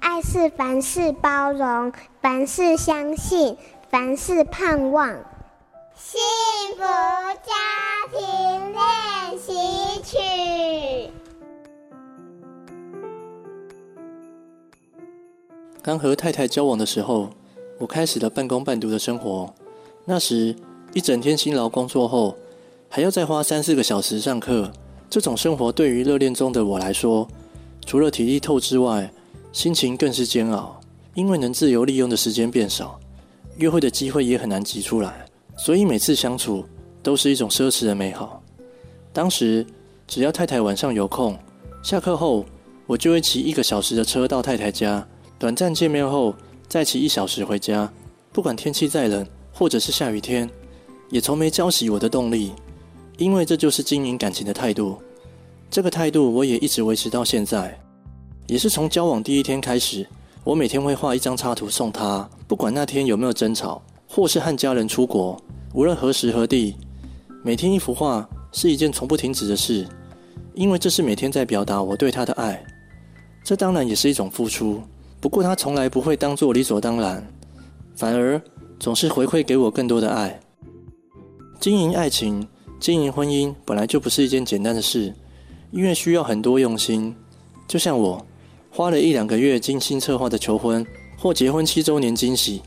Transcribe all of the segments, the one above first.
愛是凡事包容，凡事相信，凡事盼望。幸福家庭練習曲。剛和太太交往的時候，我開始了半工半讀的生活。那時，一整天辛勞工作後，還要再花三四個小時上課。這種生活對於熱戀中的我來說，除了體力透支外，心情更是煎熬，因為能自由利用的時間變少，約會的機會也很難擠出來，所以每次相處都是一種奢侈的美好。當時只要太太晚上有空，下課後我就會騎一個小時的車到太太家，短暫見面後再騎一小時回家。不管天氣再冷，或者是下雨天，也從沒澆熄我的動力，因為這就是經營感情的態度。這個態度我也一直維持到現在。也是從交往第一天開始，我每天會畫一張插圖送他，不管那天有沒有爭吵，或是和家人出國，無論何時何地，每天一幅畫是一件從不停止的事，因為這是每天在表達我對他的愛。這當然也是一種付出，不過他從來不會當作理所當然，反而總是回饋給我更多的愛。經營愛情、經營婚姻本來就不是一件簡單的事，因為需要很多用心，就像我。花了一兩個月精心策劃的求婚或結婚七週年驚喜，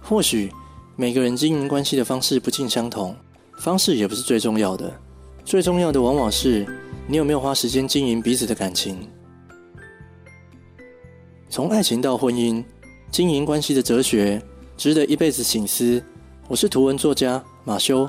或許每個人經營關係的方式不盡相同，方式也不是最重要的，最重要的往往是你有沒有花時間經營彼此的感情。從愛情到婚姻，經營關係的哲學，值得一輩子省思。我是圖文作家馬修。